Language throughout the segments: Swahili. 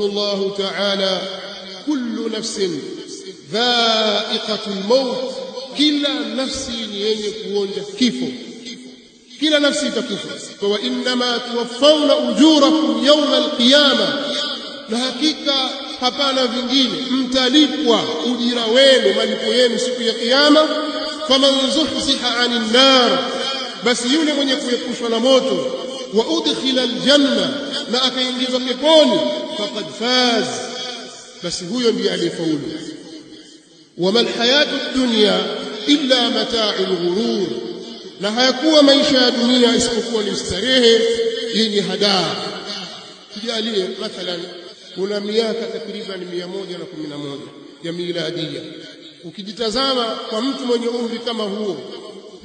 الله تعالى كل نفس ذائقة الموت كلا نفس يكون كيفه كلا نفس تكفى وإنما توفون أجوركم يوم القيامة لحقيقة hapana vingine mtalipwa ujira wenu malipo yenu siku ya kiyama faman zuhziha anin nar basi yule mwenye kuepushwa na moto wa udkhila aljanna na akaingizwa peponi faqad faz basi huyo ndiye aliyefaulu wama alhayatu dunya illa mata'u alghurur na hayakuwa maisha ya dunia isipokuwa ni starehe yenye hadaa tujalie mathalan kuna miaka takriban 111 ya miladia ukijitazama kwa mtu mwenye umri kama huo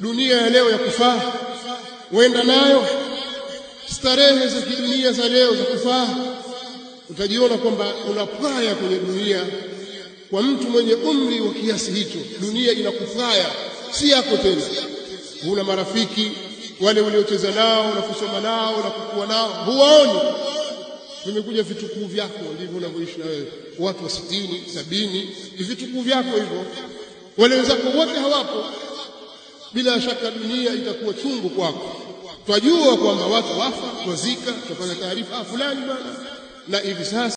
dunia ya leo ya kufaa wenda nayo starehe za kidunia za leo za kufaa, utajiona kwamba unapwaya kwenye dunia. Kwa mtu mwenye umri wa kiasi hicho, dunia inakufaya, si yako tena. Huna marafiki wale waliocheza nao na kusoma nao na kukua nao, huwaoni. Vimekuja vitukuu vyako, ndivyo unavyoishi na wewe. Watu wa sitini sabini ni vitukuu vyako hivyo, wale wenzako wote hawapo. Bila shaka dunia itakuwa chungu kwako twajua kwamba watu wafa, twazika, tupata taarifa ah, fulani bwana na hivi sasa